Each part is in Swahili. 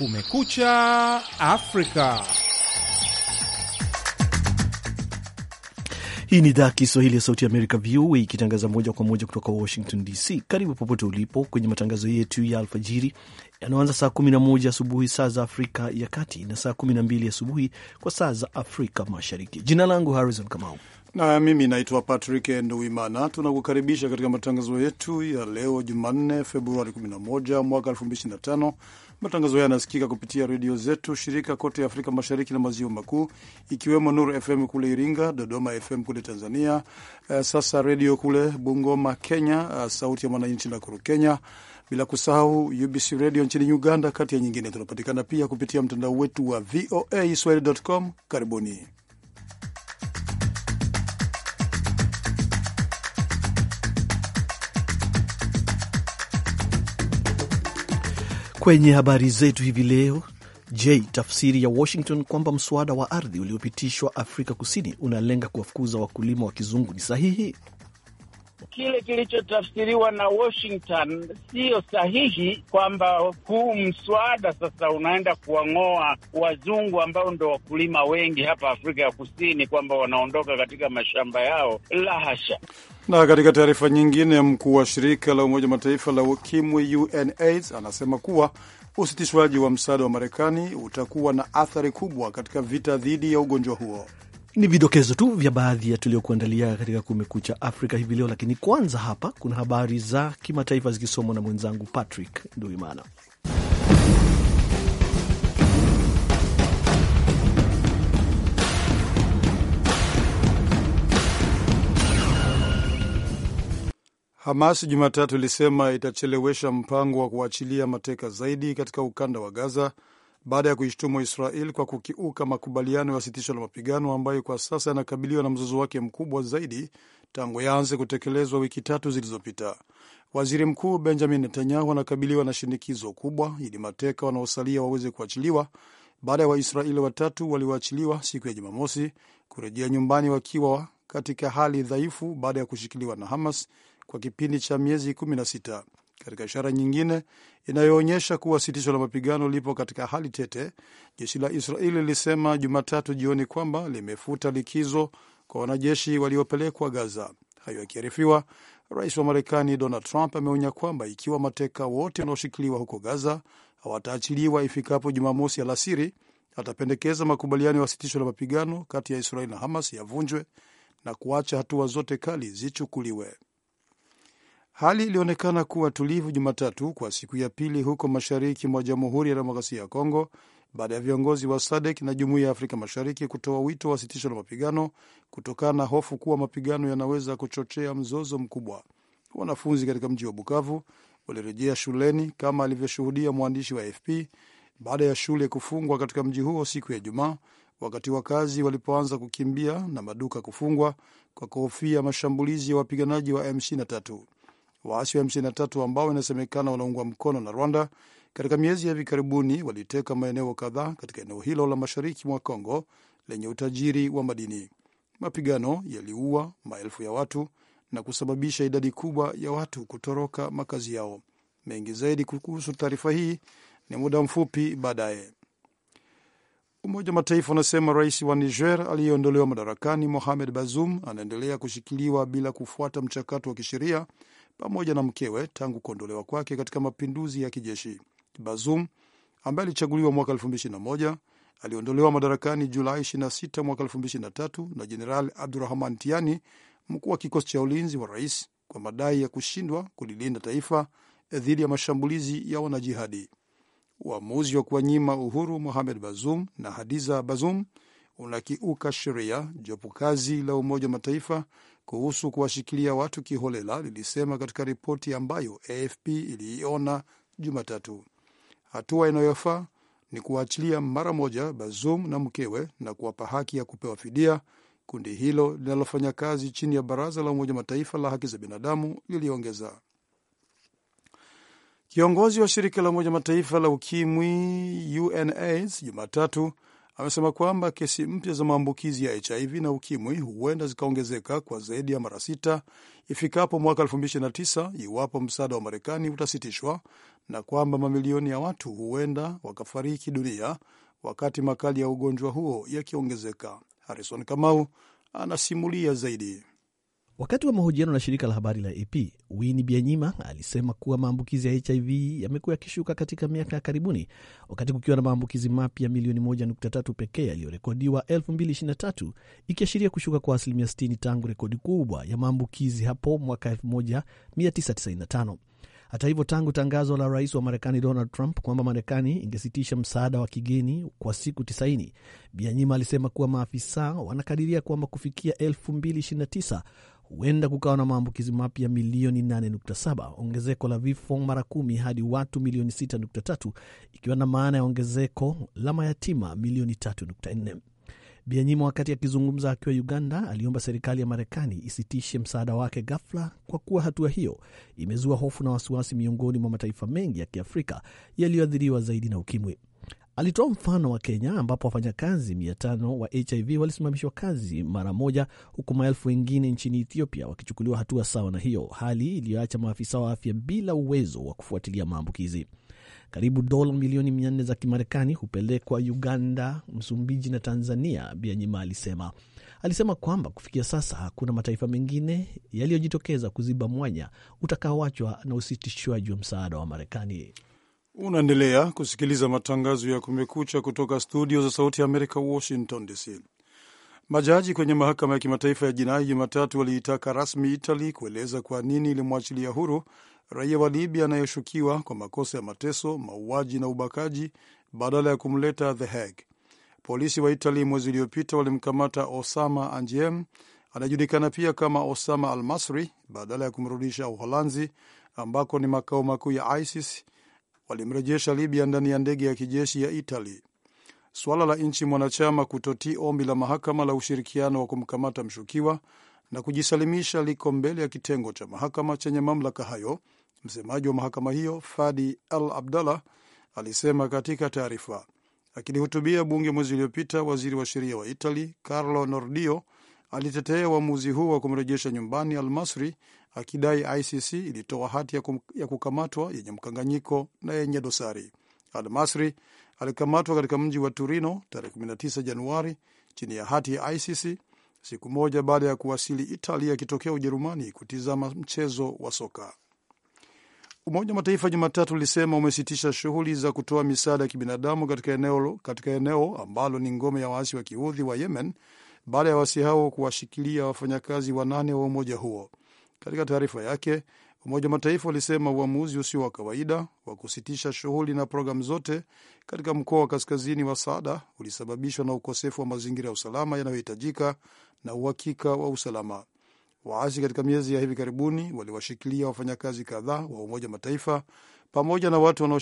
Kumekucha Afrika. Hii ni idhaa ya Kiswahili ya Sauti ya Amerika, VOA, ikitangaza moja kwa moja kutoka Washington DC. Karibu popote ulipo kwenye matangazo yetu ya alfajiri yanaoanza saa 11 asubuhi saa za Afrika ya Kati na saa 12 asubuhi kwa saa za Afrika Mashariki. Jina langu Harrison Kamau na mimi naitwa Patrick nduimana Tunakukaribisha katika matangazo yetu ya leo Jumanne, Februari 11 mwaka 2025 Matangazo haya yanasikika kupitia redio zetu shirika kote Afrika Mashariki na Maziwa Makuu, ikiwemo Nuru FM kule Iringa, Dodoma FM kule Tanzania, eh, sasa redio kule Bungoma Kenya, eh, Sauti ya Mwananchi Nakuru Kenya, bila kusahau UBC redio nchini Uganda, kati ya nyingine. Tunapatikana pia kupitia mtandao wetu wa VOA swahili.com. Karibuni. Kwenye habari zetu hivi leo, je, tafsiri ya Washington kwamba mswada wa ardhi uliopitishwa Afrika Kusini unalenga kuwafukuza wakulima wa kizungu ni sahihi? kile kilichotafsiriwa na Washington siyo sahihi, kwamba huu mswada sasa unaenda kuwang'oa wazungu ambao ndo wakulima wengi hapa Afrika ya Kusini, kwamba wanaondoka katika mashamba yao. La hasha. Na katika taarifa nyingine, mkuu wa shirika la Umoja Mataifa la ukimwi UNAIDS anasema kuwa usitishwaji wa msaada wa Marekani utakuwa na athari kubwa katika vita dhidi ya ugonjwa huo. Ni vidokezo tu vya baadhi ya tuliokuandalia katika Kumekucha Afrika hivi leo, lakini kwanza hapa kuna habari za kimataifa zikisomwa na mwenzangu Patrick Nduimana. Hamas Jumatatu ilisema itachelewesha mpango wa kuachilia mateka zaidi katika ukanda wa Gaza baada ya kuishtumu Israel kwa kukiuka makubaliano ya sitisho la mapigano ambayo kwa sasa yanakabiliwa na mzozo wake mkubwa zaidi tangu yaanze kutekelezwa wiki tatu zilizopita. Waziri Mkuu Benjamin Netanyahu anakabiliwa na shinikizo kubwa ili mateka wanaosalia waweze kuachiliwa baada ya Waisraeli watatu walioachiliwa siku ya Jumamosi kurejea nyumbani wakiwa katika hali dhaifu baada ya kushikiliwa na Hamas kwa kipindi cha miezi sita katika ishara nyingine inayoonyesha kuwa sitisho la mapigano lipo katika hali tete, jeshi la Israeli lilisema Jumatatu jioni kwamba limefuta likizo kwa wanajeshi waliopelekwa Gaza. Hayo yakiarifiwa, rais wa Marekani Donald Trump ameonya kwamba ikiwa mateka wote wanaoshikiliwa huko Gaza hawataachiliwa ifikapo Jumamosi alasiri, atapendekeza makubaliano ya sitisho la mapigano kati ya Israeli na Hamas yavunjwe na kuacha hatua zote kali zichukuliwe. Hali ilionekana kuwa tulivu Jumatatu kwa siku ya pili huko mashariki mwa Jamhuri ya Demokrasia ya Kongo baada ya viongozi wa sadek na Jumuiya ya Afrika Mashariki kutoa wito wa sitisho la mapigano kutokana na hofu kuwa mapigano yanaweza kuchochea mzozo mkubwa. Wanafunzi katika mji wa Bukavu walirejea shuleni kama alivyoshuhudia mwandishi wa AFP baada ya shule kufungwa katika mji huo siku ya Ijumaa, wakati wakazi walipoanza kukimbia na maduka kufungwa kwa kuhofia mashambulizi ya wapiganaji wa M23. Waasi wa M23 ambao inasemekana wanaungwa mkono na Rwanda katika miezi ya hivi karibuni waliteka maeneo kadhaa katika eneo hilo la mashariki mwa congo lenye utajiri wa madini. Mapigano yaliua maelfu ya watu na kusababisha idadi kubwa ya watu kutoroka makazi yao. Mengi zaidi kuhusu taarifa hii ni muda mfupi baadaye. Umoja wa Mataifa unasema rais wa Niger aliyeondolewa madarakani Mohamed Bazoum anaendelea kushikiliwa bila kufuata mchakato wa kisheria pamoja na mkewe tangu kuondolewa kwake katika mapinduzi ya kijeshi. Bazoum ambaye alichaguliwa mwaka 2021 aliondolewa madarakani Julai 26 mwaka 2023 na Jeneral Abdurahman Tiani, mkuu wa kikosi cha ulinzi wa rais, kwa madai ya kushindwa kulilinda taifa dhidi ya mashambulizi ya wanajihadi. Uamuzi wa kuwanyima uhuru Mohamed Bazoum na Hadiza Bazoum unakiuka sheria, jopo kazi la Umoja wa Mataifa kuhusu kuwashikilia watu kiholela lilisema katika ripoti ambayo AFP iliiona Jumatatu. Hatua inayofaa ni kuwaachilia mara moja Bazoum na mkewe na kuwapa haki ya kupewa fidia, kundi hilo linalofanya kazi chini ya Baraza la Umoja Mataifa la Haki za Binadamu liliongeza. Kiongozi wa shirika la Umoja Mataifa la Ukimwi, UNAIDS, Jumatatu amesema kwamba kesi mpya za maambukizi ya HIV na ukimwi huenda zikaongezeka kwa zaidi ya mara sita ifikapo mwaka 2029 iwapo msaada wa Marekani utasitishwa na kwamba mamilioni ya watu huenda wakafariki dunia wakati makali ya ugonjwa huo yakiongezeka. Harrison Kamau anasimulia zaidi. Wakati wa mahojiano na shirika la habari la AP, Winnie Byanyima alisema kuwa maambukizi ya HIV yamekuwa yakishuka katika miaka ya karibuni, wakati kukiwa na maambukizi mapya milioni 1.3 pekee yaliyorekodiwa 2023, ikiashiria kushuka kwa asilimia 60 tangu rekodi kubwa ya maambukizi hapo mwaka 1995. Hata hivyo, tangu tangazo la rais wa Marekani Donald Trump kwamba Marekani ingesitisha msaada wa kigeni kwa siku 90, Byanyima alisema kuwa maafisa wanakadiria kwamba kufikia huenda kukawa na maambukizi mapya milioni 8.7, ongezeko la vifo mara kumi hadi watu milioni 6.3, ikiwa na maana ya ongezeko la mayatima milioni 3.4. Bianyima, wakati akizungumza akiwa Uganda, aliomba serikali ya Marekani isitishe msaada wake ghafla, kwa kuwa hatua hiyo imezua hofu na wasiwasi miongoni mwa mataifa mengi ya Kiafrika yaliyoathiriwa zaidi na ukimwi. Alitoa mfano wa Kenya ambapo wafanyakazi mia tano wa HIV walisimamishwa kazi mara moja, huku maelfu wengine nchini Ethiopia wakichukuliwa hatua sawa na hiyo, hali iliyoacha maafisa wa afya bila uwezo wa kufuatilia maambukizi. Karibu dola milioni mia nne za Kimarekani hupelekwa Uganda, Msumbiji na Tanzania, Bianyima alisema. Alisema kwamba kufikia sasa hakuna mataifa mengine yaliyojitokeza kuziba mwanya utakaoachwa na usitishwaji wa msaada wa Marekani. Unaendelea kusikiliza matangazo ya Kumekucha kutoka studio za Sauti ya Amerika, Washington DC. Majaji kwenye mahakama ya kimataifa ya jinai Jumatatu waliitaka rasmi Itali kueleza kwa nini ilimwachilia huru raia wa Libya anayeshukiwa kwa makosa ya mateso, mauaji na ubakaji badala ya kumleta The Hague. Polisi wa Itali mwezi uliopita walimkamata Osama Anjem, anajulikana pia kama Osama Al Masri, badala ya kumrudisha Uholanzi ambako ni makao makuu ya ISIS walimrejesha Libya ndani ya ndege ya kijeshi ya Itali. Suala la nchi mwanachama kutotii ombi la mahakama la ushirikiano wa kumkamata mshukiwa na kujisalimisha liko mbele ya kitengo cha mahakama chenye mamlaka hayo. Msemaji wa mahakama hiyo Fadi Al Abdallah alisema katika taarifa. Akilihutubia bunge mwezi uliopita, waziri wa sheria wa Itali Carlo Nordio alitetea uamuzi huu wa kumrejesha nyumbani Al Masri akidai ICC ilitoa hati ya, kum, ya kukamatwa yenye mkanganyiko na yenye dosari. Almasri alikamatwa katika mji wa Turino tarehe 19 Januari chini ya hati ya ICC siku moja baada ya kuwasili Italia akitokea Ujerumani kutizama mchezo wa soka. Umoja wa Mataifa Jumatatu ulisema umesitisha shughuli za kutoa misaada ya kibinadamu katika eneo, katika eneo ambalo ni ngome ya waasi wa kiudhi wa Yemen baada ya waasi hao kuwashikilia wafanyakazi wanane wa umoja huo. Katika taarifa yake, Umoja wa Mataifa ulisema uamuzi usio wa kawaida wa kusitisha shughuli na programu zote katika mkoa wa kaskazini wa Saada ulisababishwa na ukosefu wa mazingira ya usalama yanayohitajika na uhakika wa usalama. Waasi katika miezi ya hivi karibuni waliwashikilia wafanyakazi kadhaa wa Umoja wa Mataifa pamoja na watu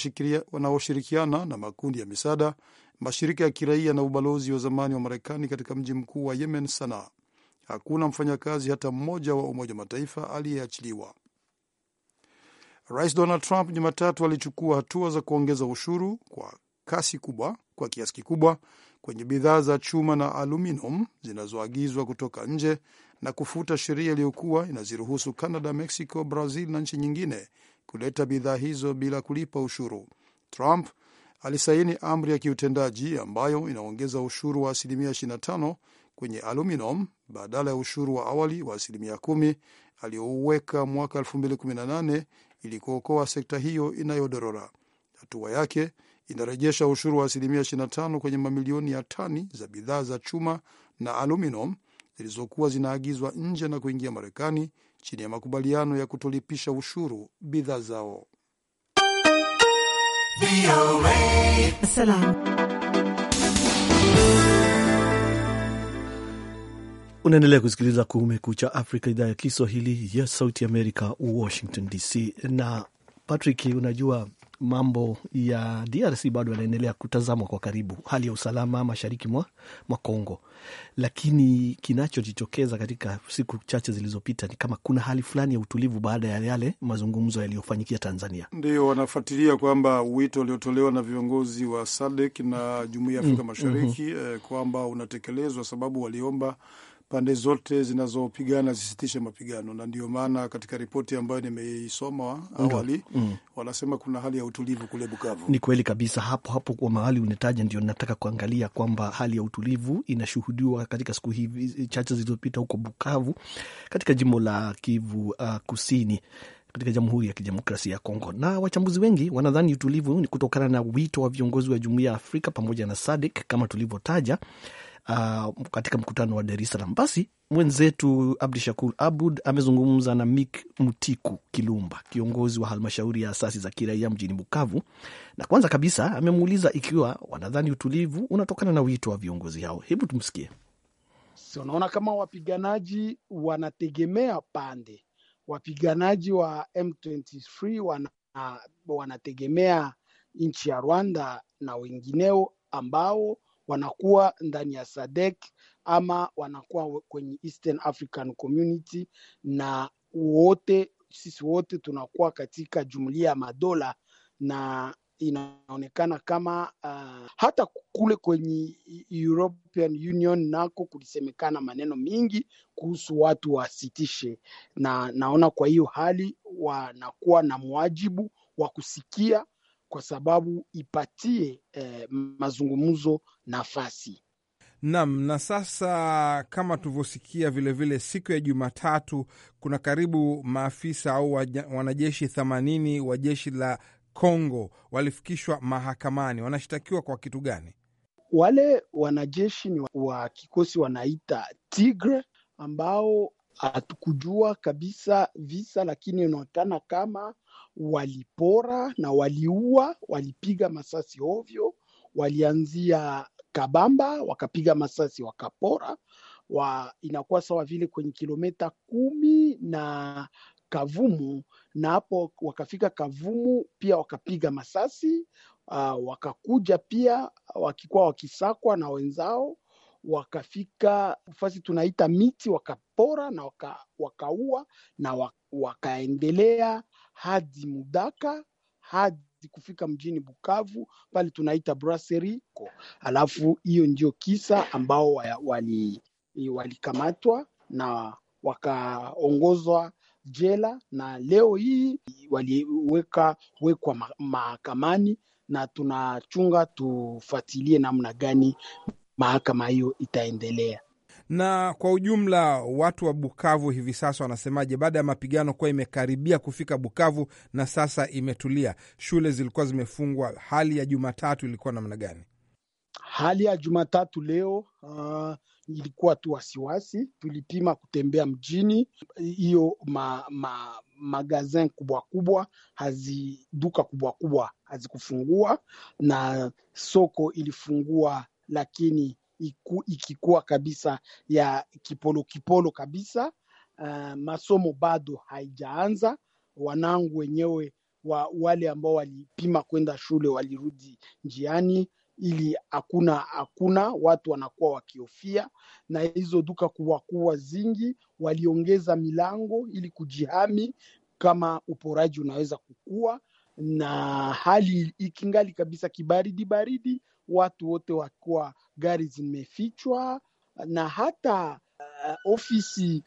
wanaoshirikiana na makundi ya misaada, mashirika ya kiraia na ubalozi wa zamani wa Marekani katika mji mkuu wa Yemen, Sanaa hakuna mfanyakazi hata mmoja wa Umoja Mataifa aliyeachiliwa. Rais Donald Trump Jumatatu alichukua hatua za kuongeza ushuru kwa kasi kubwa, kwa kiasi kikubwa kwenye bidhaa za chuma na aluminium zinazoagizwa kutoka nje na kufuta sheria iliyokuwa inaziruhusu Canada, Mexico, Brazil na nchi nyingine kuleta bidhaa hizo bila kulipa ushuru. Trump alisaini amri ya kiutendaji ambayo inaongeza ushuru wa asilimia 25 kwenye aluminium badala ya ushuru wa awali wa asilimia kumi aliyouweka mwaka 2018 ili kuokoa sekta hiyo inayodorora. Hatua yake inarejesha ushuru wa asilimia 25 kwenye mamilioni ya tani za bidhaa za chuma na aluminium zilizokuwa zinaagizwa nje na kuingia Marekani chini ya makubaliano ya kutolipisha ushuru bidhaa zao. Salam. Unaendelea kusikiliza Kumekucha Afrika, idhaa ya Kiswahili ya Sauti Amerika, Washington DC. Na Patrick, unajua mambo ya DRC bado yanaendelea kutazamwa kwa karibu, hali ya usalama mashariki mwa, mwa Kongo. Lakini kinachojitokeza katika siku chache zilizopita ni kama kuna hali fulani ya utulivu baada ya yale mazungumzo yaliyofanyikia Tanzania. Ndio wanafuatilia kwamba wito uliotolewa na viongozi wa SADC na Jumuiya ya Afrika mm, mm-hmm. Mashariki mm -hmm. eh, kwamba unatekelezwa, sababu waliomba pande zote zinazopigana zisitishe mapigano, na ndio maana katika ripoti ambayo nimeisoma awali mm. wanasema kuna hali ya utulivu kule Bukavu. Ni kweli kabisa, hapo hapo kwa mahali unataja, ndio nataka kuangalia kwamba hali ya utulivu inashuhudiwa katika siku hivi chache zilizopita huko Bukavu, katika jimbo la Kivu uh, Kusini katika Jamhuri ya Kidemokrasia ya Kongo, na wachambuzi wengi wanadhani utulivu ni kutokana na wito wa viongozi wa Jumuiya ya Afrika pamoja na SADC kama tulivyotaja uh, katika mkutano wa Dar es Salaam. Basi mwenzetu Abdu Shakur Abud amezungumza na Mik Mutiku Kilumba, kiongozi wa halmashauri ya asasi za kiraia mjini Bukavu, na kwanza kabisa amemuuliza ikiwa wanadhani utulivu unatokana na wito wa viongozi hao. Hebu tumsikie. So, unaona kama wapiganaji wanategemea pande, wapiganaji wa M23 wana, wanategemea nchi ya Rwanda na wengineo ambao wanakuwa ndani ya SADC ama wanakuwa kwenye Eastern African Community, na wote sisi wote tunakuwa katika jumuiya ya madola na inaonekana kama uh, hata kule kwenye European Union nako kulisemekana maneno mingi kuhusu watu wasitishe, na naona kwa hiyo hali wanakuwa na mwajibu wa kusikia kwa sababu ipatie eh, mazungumzo nafasi. Naam, na sasa kama tulivyosikia vilevile, siku ya Jumatatu kuna karibu maafisa au wanajeshi themanini wa jeshi la Kongo walifikishwa mahakamani. Wanashtakiwa kwa kitu gani? Wale wanajeshi ni wa kikosi wanaita Tigre, ambao hatukujua kabisa visa, lakini inaonekana kama walipora na waliua, walipiga masasi ovyo, walianzia Kabamba wakapiga masasi wakapora wa, inakuwa sawa vile kwenye kilomita kumi na Kavumu, na hapo wakafika Kavumu pia wakapiga masasi uh, wakakuja pia wakikuwa wakisakwa na wenzao wakafika fasi tunaita miti wakapora na wakaua waka na wakaendelea hadi Mudaka hadi kufika mjini Bukavu pale tunaita braseri Alafu hiyo ndio kisa ambao walikamatwa wali na wakaongozwa jela, na leo hii waliweka wekwa mahakamani, na tunachunga tufuatilie namna gani mahakama hiyo itaendelea. Na kwa ujumla watu wa Bukavu hivi sasa wanasemaje baada ya mapigano kuwa imekaribia kufika Bukavu na sasa imetulia? Shule zilikuwa zimefungwa, hali ya Jumatatu ilikuwa namna gani? Hali ya Jumatatu leo uh, ilikuwa tu wasiwasi. Tulipima kutembea mjini, hiyo ma, ma, magazin kubwa kubwa hazi duka kubwa kubwa hazikufungua, na soko ilifungua lakini iku, ikikuwa kabisa ya kipolo kipolo kabisa. Uh, masomo bado haijaanza. Wanangu wenyewe wa, wale ambao walipima kwenda shule walirudi njiani ili hakuna hakuna watu wanakuwa wakiofia, na hizo duka kuwa kuwa zingi waliongeza milango ili kujihami kama uporaji unaweza kukua, na hali ikingali kabisa kibaridi baridi, watu wote wakiwa gari zimefichwa na hata uh, ofisi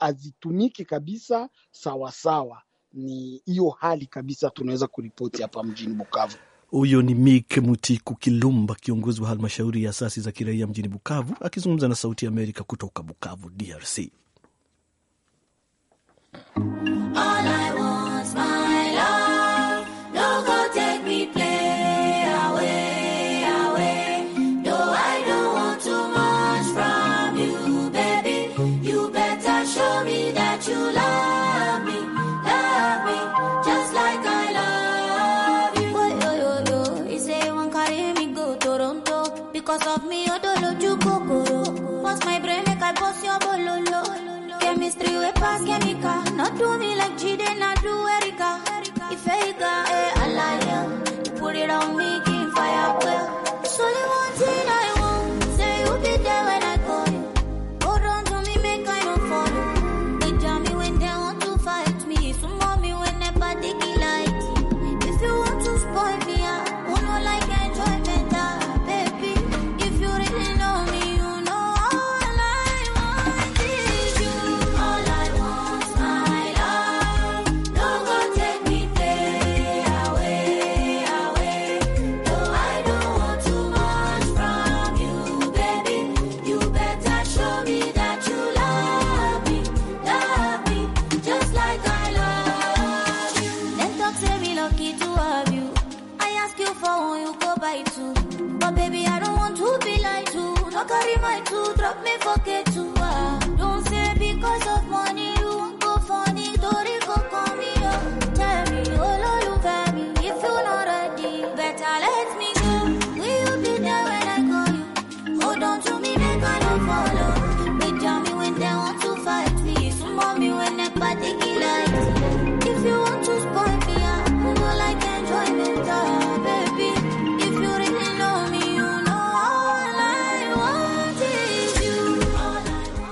hazitumiki kabisa sawasawa sawa. Ni hiyo hali kabisa tunaweza kuripoti hapa mjini Bukavu. Huyo ni Mik Mutiku Kilumba, kiongozi wa halmashauri ya asasi za kiraia mjini Bukavu, akizungumza na Sauti ya Amerika kutoka Bukavu, DRC. 祝你。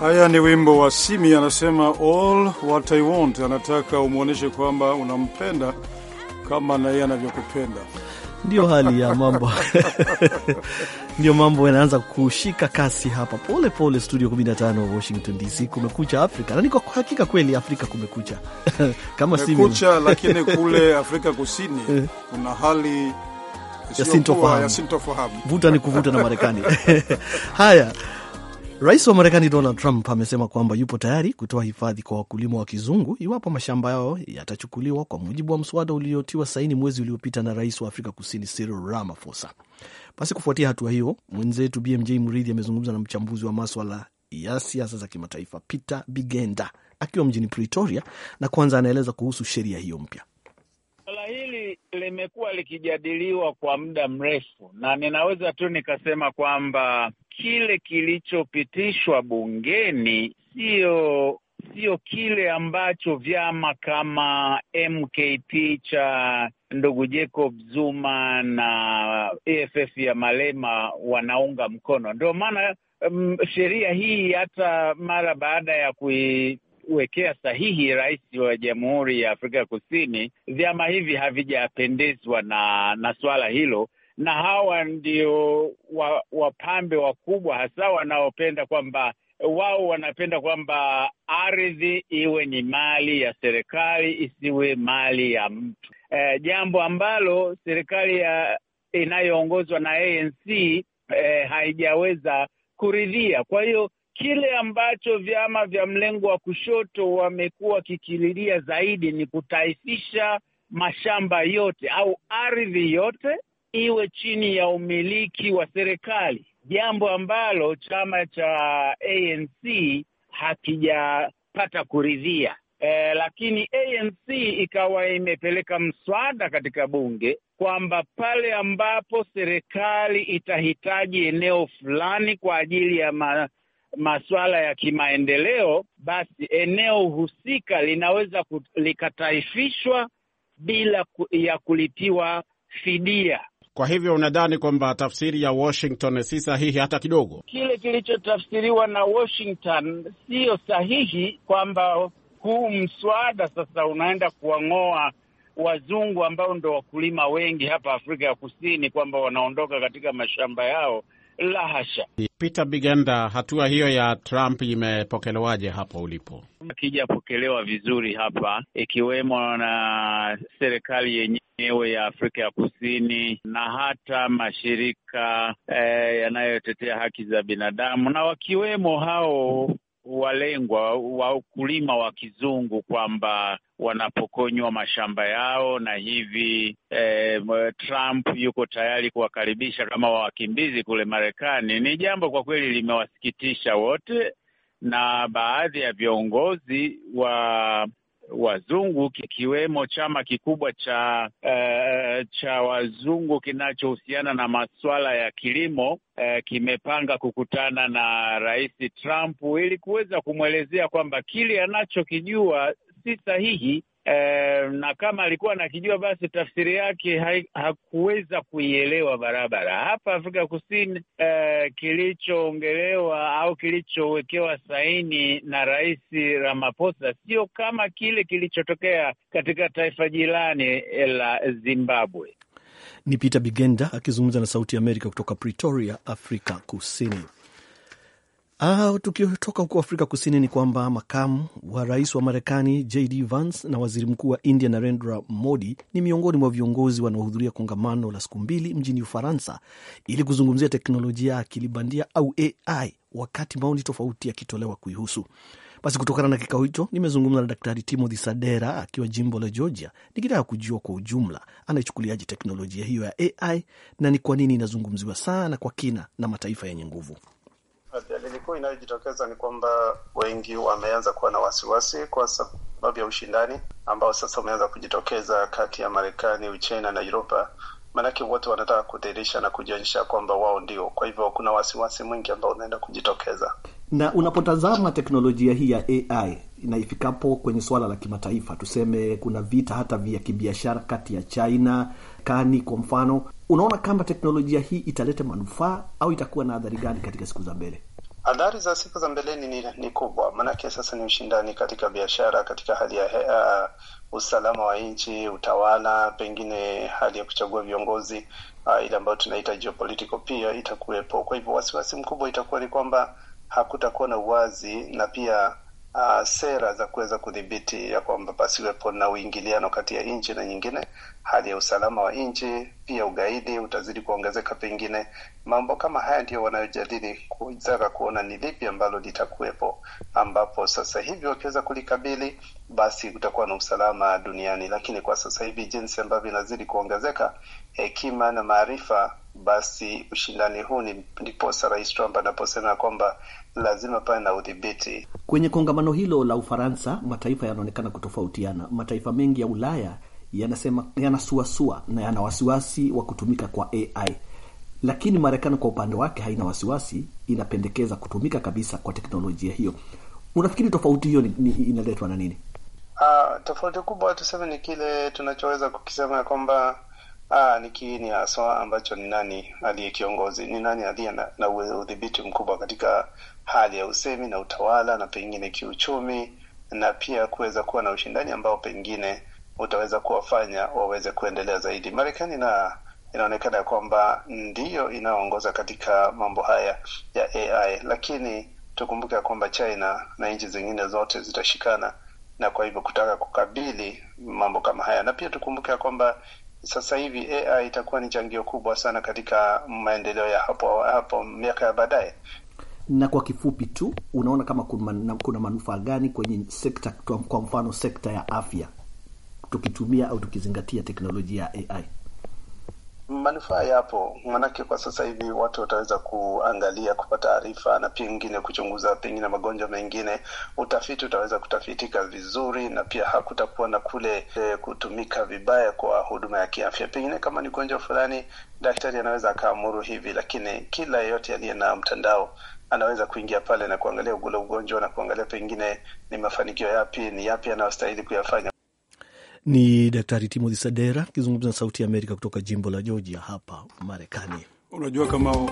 Haya ni wimbo wa Simi anasema all what I want, anataka umwonyeshe kwamba unampenda kama na yeye anavyokupenda. ndio hali ya mambo ndio mambo yanaanza kushika kasi hapa pole pole. Studio 15 Washington DC, kumekucha Afrika na niko hakika kweli Afrika kumekucha kama kumekucha, lakini kule Afrika Kusini kuna hali ya sintofahamu, vuta ni kuvuta na Marekani haya Rais wa Marekani Donald Trump amesema kwamba yupo tayari kutoa hifadhi kwa wakulima wa kizungu iwapo mashamba yao yatachukuliwa kwa mujibu wa mswada uliotiwa saini mwezi uliopita na rais wa Afrika Kusini Cyril Ramaphosa. Basi kufuatia hatua hiyo, mwenzetu BMJ Muridhi amezungumza na mchambuzi wa maswala ya siasa za kimataifa Peter Bigenda akiwa mjini Pretoria, na kwanza anaeleza kuhusu sheria hiyo mpya. Swala hili limekuwa likijadiliwa kwa muda mrefu, na ninaweza tu nikasema kwamba kile kilichopitishwa bungeni sio sio kile ambacho vyama kama MKP cha ndugu Jacob Zuma na AFF ya Malema wanaunga mkono. Ndio maana um, sheria hii hata mara baada ya kuiwekea sahihi rais wa Jamhuri ya Afrika Kusini, vyama hivi havijapendezwa na, na swala hilo na hawa ndio wapambe wa wakubwa hasa wanaopenda kwamba wao wanapenda kwamba ardhi iwe ni mali ya serikali, isiwe mali ya mtu e, jambo ambalo serikali ya inayoongozwa na ANC e, haijaweza kuridhia. Kwa hiyo kile ambacho vyama vya mlengo wa kushoto wamekuwa wakikililia zaidi ni kutaifisha mashamba yote au ardhi yote iwe chini ya umiliki wa serikali, jambo ambalo chama cha ANC hakijapata kuridhia. E, lakini ANC ikawa imepeleka mswada katika bunge kwamba pale ambapo serikali itahitaji eneo fulani kwa ajili ya ma, masuala ya kimaendeleo, basi eneo husika linaweza likataifishwa bila ku, ya kulitiwa fidia. Kwa hivyo unadhani kwamba tafsiri ya Washington si sahihi hata kidogo? Kile kilichotafsiriwa na Washington siyo sahihi, kwamba huu mswada sasa unaenda kuwang'oa wazungu ambao ndo wakulima wengi hapa Afrika ya Kusini, kwamba wanaondoka katika mashamba yao la hasha. Peter Bigenda, hatua hiyo ya Trump imepokelewaje hapo ulipo? Akijapokelewa vizuri hapa, ikiwemo na serikali yenyewe ya Afrika ya Kusini na hata mashirika eh, yanayotetea haki za binadamu na wakiwemo hao walengwa wakulima wa kizungu kwamba wanapokonywa mashamba yao, na hivi eh, Trump yuko tayari kuwakaribisha kama wawakimbizi kule Marekani. Ni jambo kwa kweli limewasikitisha wote, na baadhi ya viongozi wa wazungu kikiwemo chama kikubwa cha uh, cha wazungu kinachohusiana na masuala ya kilimo uh, kimepanga kukutana na Rais Trump ili kuweza kumwelezea kwamba kile anachokijua si sahihi e, na kama alikuwa nakijua basi tafsiri yake hakuweza kuielewa barabara. Hapa Afrika Kusini e, kilichoongelewa au kilichowekewa saini na Rais Ramaphosa sio kama kile kilichotokea katika taifa jirani eh, la Zimbabwe. Ni Peter Bigenda akizungumza na Sauti ya Amerika kutoka Pretoria, Afrika Kusini. Ah, tukitoka huko Afrika Kusini ni kwamba makamu wa rais wa Marekani JD Vance na waziri mkuu wa India Narendra Modi ni miongoni mwa viongozi wanaohudhuria kongamano la siku mbili mjini Ufaransa ili kuzungumzia teknolojia ya akili bandia au AI, wakati maoni tofauti yakitolewa kuihusu. Basi kutokana na kikao hicho, nimezungumza na Daktari Timothy Sadera akiwa jimbo la Georgia, nikitaka kujua kwa ujumla anaichukuliaje teknolojia hiyo ya AI na ni kwa nini inazungumziwa sana kwa kina na mataifa yenye nguvu mabadiliko inayojitokeza ni kwamba wengi wameanza kuwa na wasiwasi kwa sababu ya ushindani ambao sasa umeanza kujitokeza kati ya Marekani, Uchina na Uropa. Maanake wote wanataka kudhihirisha na kujionyesha kwamba wao ndio. Kwa hivyo kuna wasiwasi mwingi ambao unaenda kujitokeza. Na unapotazama teknolojia hii ya AI na ifikapo kwenye suala la kimataifa, tuseme kuna vita hata vya kibiashara kati ya China kani kwa mfano, unaona kama teknolojia hii italeta manufaa au itakuwa na adhari gani katika siku za mbele? Athari za siku za mbeleni ni, ni kubwa, maanake sasa ni ushindani katika biashara, katika hali ya hea, uh, usalama wa nchi, utawala, pengine hali ya kuchagua viongozi uh, ile ambayo tunaita geopolitical pia itakuwepo. Kwa hivyo wasiwasi mkubwa itakuwa ni kwamba hakutakuwa na uwazi na pia uh, sera za kuweza kudhibiti ya kwamba pasiwepo na uingiliano kati ya nchi na nyingine. Hali ya usalama wa nchi pia, ugaidi utazidi kuongezeka. Pengine mambo kama haya ndiyo wanayojadili kutaka kuona ni lipi ambalo litakuwepo, ambapo sasa hivi wakiweza kulikabili, basi kutakuwa na usalama duniani. Lakini kwa sasa hivi jinsi ambavyo inazidi kuongezeka hekima na maarifa basi ushindani huu ni ndiposa Rais Trump anaposema kwamba lazima pawe na udhibiti. Kwenye kongamano hilo la Ufaransa, mataifa yanaonekana kutofautiana. Mataifa mengi ya Ulaya yanasema yanasuasua na yana wasiwasi wa kutumika kwa AI, lakini Marekani kwa upande wake haina wasiwasi, inapendekeza kutumika kabisa kwa teknolojia hiyo. Unafikiri tofauti hiyo inaletwa na nini? Uh, tofauti kubwa tuseme ni kile tunachoweza kukisema kwamba Aa, ah, ni kiini haswa ambacho ni nani aliye kiongozi, ni nani aliye na, na udhibiti mkubwa katika hali ya usemi na utawala na pengine kiuchumi na pia kuweza kuwa na ushindani ambao pengine utaweza kuwafanya waweze kuendelea zaidi. Marekani na inaonekana ya kwamba ndiyo inayoongoza katika mambo haya ya AI, lakini tukumbuke ya kwamba China na nchi zingine zote zitashikana na kwa hivyo kutaka kukabili mambo kama haya, na pia tukumbuke ya kwamba sasa hivi AI itakuwa ni changio kubwa sana katika maendeleo ya hapo hapo miaka ya baadaye. Na kwa kifupi tu, unaona kama kuna manufaa gani kwenye sekta, kwa mfano sekta ya afya, tukitumia au tukizingatia teknolojia ya AI? Manufaa yapo, maanake kwa sasa hivi watu wataweza kuangalia, kupata taarifa na pengine kuchunguza pengine magonjwa mengine. Utafiti utaweza kutafitika vizuri, na pia hakutakuwa na kule e, kutumika vibaya kwa huduma ya kiafya. Pengine kama ni ugonjwa fulani, daktari anaweza akaamuru hivi, lakini kila yeyote aliye na mtandao anaweza kuingia pale na kuangalia ugulo ugonjwa na kuangalia pengine ni mafanikio yapi, ni yapi anayostahili kuyafanya. Ni Daktari Timothy Sadera akizungumza na Sauti ya Amerika kutoka jimbo la Georgia hapa Marekani. Unajua kama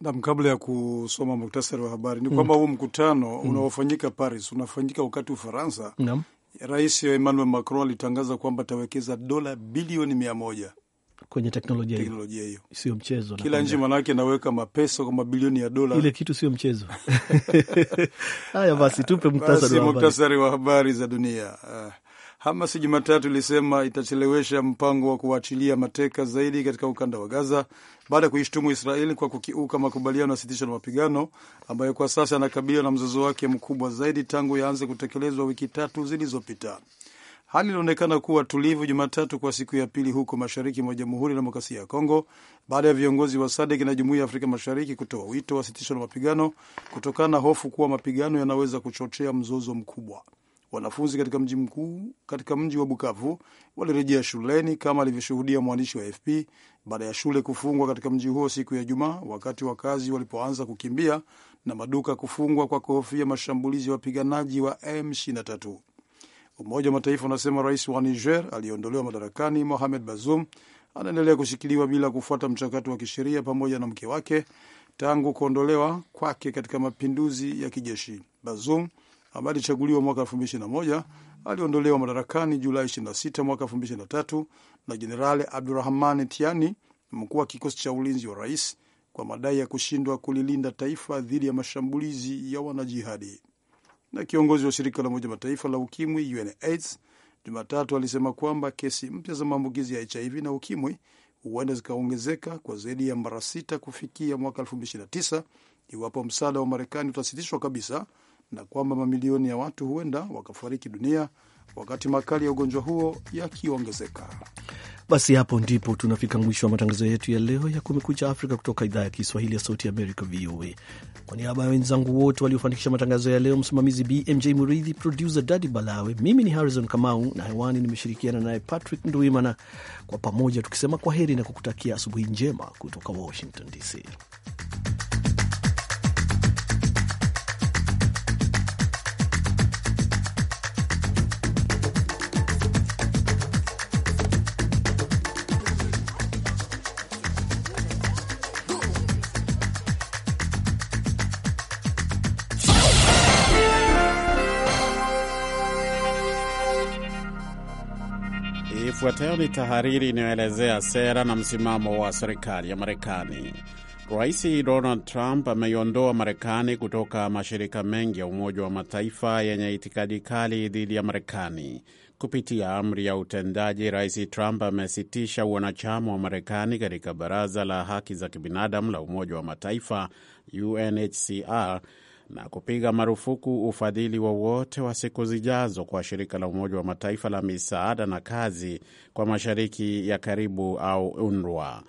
Nam, kabla ya kusoma muktasari wa habari ni mm. kwamba huu mm. mkutano mm. unaofanyika Paris unafanyika wakati Ufaransa, Rais Emmanuel Macron alitangaza kwamba atawekeza dola bilioni mia moja kwenye teknolojia hiyo. sio mchezo, kila nchi manake naweka mapeso kwa mabilioni ya dola, ile kitu sio mchezo. Haya basi, tupe muktasari wa habari za dunia. Ah, Hamas Jumatatu ilisema itachelewesha mpango wa kuachilia mateka zaidi katika ukanda wa Gaza baada ya kuishtumu Israeli kwa kukiuka makubaliano ya sitisho la mapigano ambayo kwa sasa yanakabiliwa na mzozo wake mkubwa zaidi tangu yaanze kutekelezwa wiki tatu zilizopita. Hali ilionekana kuwa tulivu Jumatatu kwa siku ya pili huko mashariki mwa Jamhuri ya Demokrasia ya Kongo baada ya viongozi wa SADC na Jumuiya ya Afrika Mashariki kutoa wito wa sitisho la mapigano kutokana na hofu kuwa mapigano yanaweza kuchochea mzozo mkubwa. Wanafunzi katika mji mkuu katika mji wa Bukavu walirejea shuleni kama alivyoshuhudia mwandishi wa FP baada ya shule kufungwa katika mji huo siku ya Jumaa, wakati wakazi walipoanza kukimbia na maduka kufungwa kwa kuhofia mashambulizi ya wapiganaji wa M23. Umoja wa Mataifa unasema rais wa Niger aliyeondolewa madarakani Mohamed Bazoum anaendelea kushikiliwa bila kufuata mchakato wa kisheria pamoja na mke wake tangu kuondolewa kwake katika mapinduzi ya kijeshi. Bazoum ambaye alichaguliwa mwaka moja aliondolewa madarakani Julai sita mwaka tatu na Jenerali Abdurahman Tiani, mkuu wa kikosi cha ulinzi wa rais, kwa madai ya kushindwa kulilinda taifa dhidi ya mashambulizi ya wanajihadi na kiongozi wa shirika la Umoja Mataifa la ukimwi UNAIDS Jumatatu alisema kwamba kesi mpya za maambukizi ya HIV na ukimwi huenda zikaongezeka kwa zaidi ya mara sita kufikia mwaka 2029 iwapo msaada wa Marekani utasitishwa kabisa na kwamba mamilioni ya watu huenda wakafariki dunia wakati makali ya ugonjwa huo yakiongezeka. Basi hapo ndipo tunafika mwisho wa matangazo yetu ya leo ya Kumekucha Afrika kutoka idhaa ya Kiswahili ya Sauti Amerika, VOA. Kwa niaba ya wenzangu wote waliofanikisha matangazo ya leo, msimamizi BMJ Muridhi, produsa Dadi Balawe, mimi ni Harrison Kamau na hewani nimeshirikiana naye Patrick Nduimana, kwa pamoja tukisema kwa heri na kukutakia asubuhi njema kutoka Washington DC. Ifuatayo ni tahariri inayoelezea sera na msimamo wa serikali ya Marekani. Rais Donald Trump ameiondoa Marekani kutoka mashirika mengi ya Umoja wa Mataifa yenye itikadi kali dhidi ya Marekani. Kupitia amri ya utendaji, Rais Trump amesitisha uanachama wa Marekani katika Baraza la Haki za Kibinadamu la Umoja wa Mataifa, UNHCR, na kupiga marufuku ufadhili wowote wa, wa siku zijazo kwa shirika la Umoja wa Mataifa la misaada na kazi kwa Mashariki ya Karibu au UNRWA.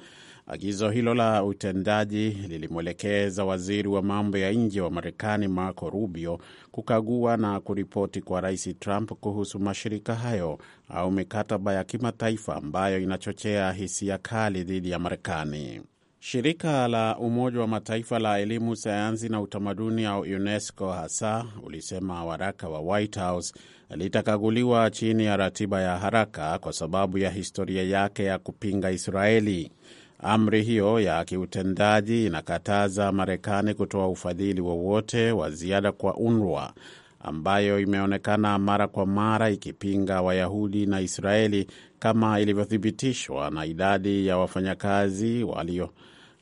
Agizo hilo la utendaji lilimwelekeza waziri wa mambo ya nje wa Marekani Marco Rubio kukagua na kuripoti kwa Rais Trump kuhusu mashirika hayo au mikataba ya kimataifa ambayo inachochea hisia kali dhidi ya Marekani. Shirika la Umoja wa Mataifa la elimu, sayansi na utamaduni au UNESCO hasa ulisema waraka wa White House litakaguliwa chini ya ratiba ya haraka kwa sababu ya historia yake ya kupinga Israeli. Amri hiyo ya kiutendaji inakataza Marekani kutoa ufadhili wowote wa ziada kwa UNRWA ambayo imeonekana mara kwa mara ikipinga Wayahudi na Israeli kama ilivyothibitishwa na idadi ya wafanyakazi walio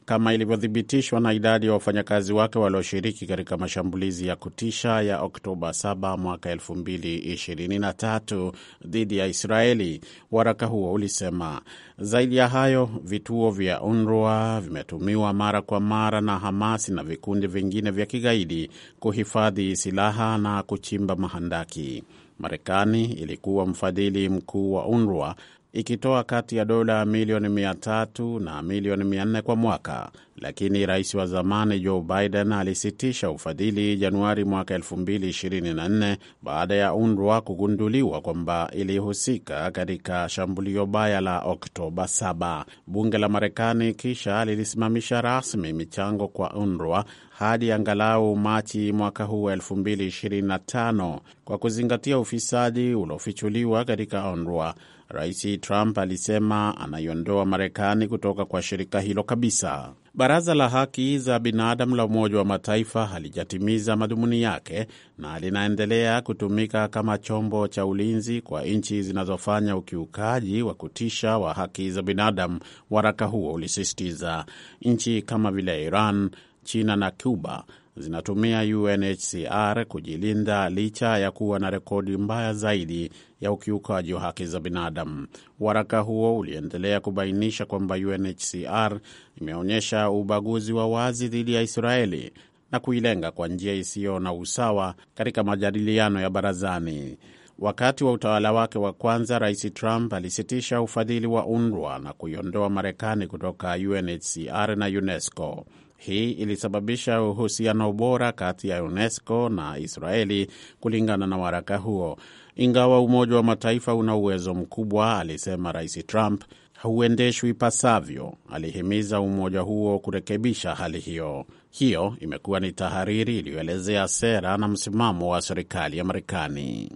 kama ilivyothibitishwa na idadi ya wafanyakazi wake walioshiriki katika mashambulizi ya kutisha ya Oktoba 7 mwaka 2023 dhidi ya Israeli, waraka huo ulisema. Zaidi ya hayo, vituo vya UNRWA vimetumiwa mara kwa mara na Hamasi na vikundi vingine vya kigaidi kuhifadhi silaha na kuchimba mahandaki. Marekani ilikuwa mfadhili mkuu wa UNRWA ikitoa kati ya dola milioni 300 na milioni 400 kwa mwaka lakini rais wa zamani Joe Biden alisitisha ufadhili Januari mwaka 2024 baada ya UNRWA kugunduliwa kwamba ilihusika katika shambulio baya la Oktoba 7. Bunge la Marekani kisha lilisimamisha rasmi michango kwa UNRWA hadi angalau Machi mwaka huu 2025 kwa kuzingatia ufisadi uliofichuliwa katika UNRWA. Rais Trump alisema anaiondoa Marekani kutoka kwa shirika hilo kabisa. Baraza la Haki za Binadamu la Umoja wa Mataifa halijatimiza madhumuni yake na linaendelea kutumika kama chombo cha ulinzi kwa nchi zinazofanya ukiukaji wa kutisha wa haki za binadamu, waraka huo ulisisitiza. Nchi kama vile Iran, China na Cuba zinatumia UNHCR kujilinda licha ya kuwa na rekodi mbaya zaidi ya ukiukaji wa haki za binadamu. Waraka huo uliendelea kubainisha kwamba UNHCR imeonyesha ubaguzi wa wazi dhidi ya Israeli na kuilenga kwa njia isiyo na usawa katika majadiliano ya barazani. Wakati wa utawala wake wa kwanza, Rais Trump alisitisha ufadhili wa UNRWA na kuiondoa Marekani kutoka UNHCR na UNESCO. Hii ilisababisha uhusiano bora kati ya UNESCO na Israeli kulingana na waraka huo. Ingawa Umoja wa Mataifa una uwezo mkubwa, alisema Rais Trump, hauendeshwi ipasavyo. Alihimiza umoja huo kurekebisha hali hiyo. Hiyo imekuwa ni tahariri iliyoelezea sera na msimamo wa serikali ya Marekani.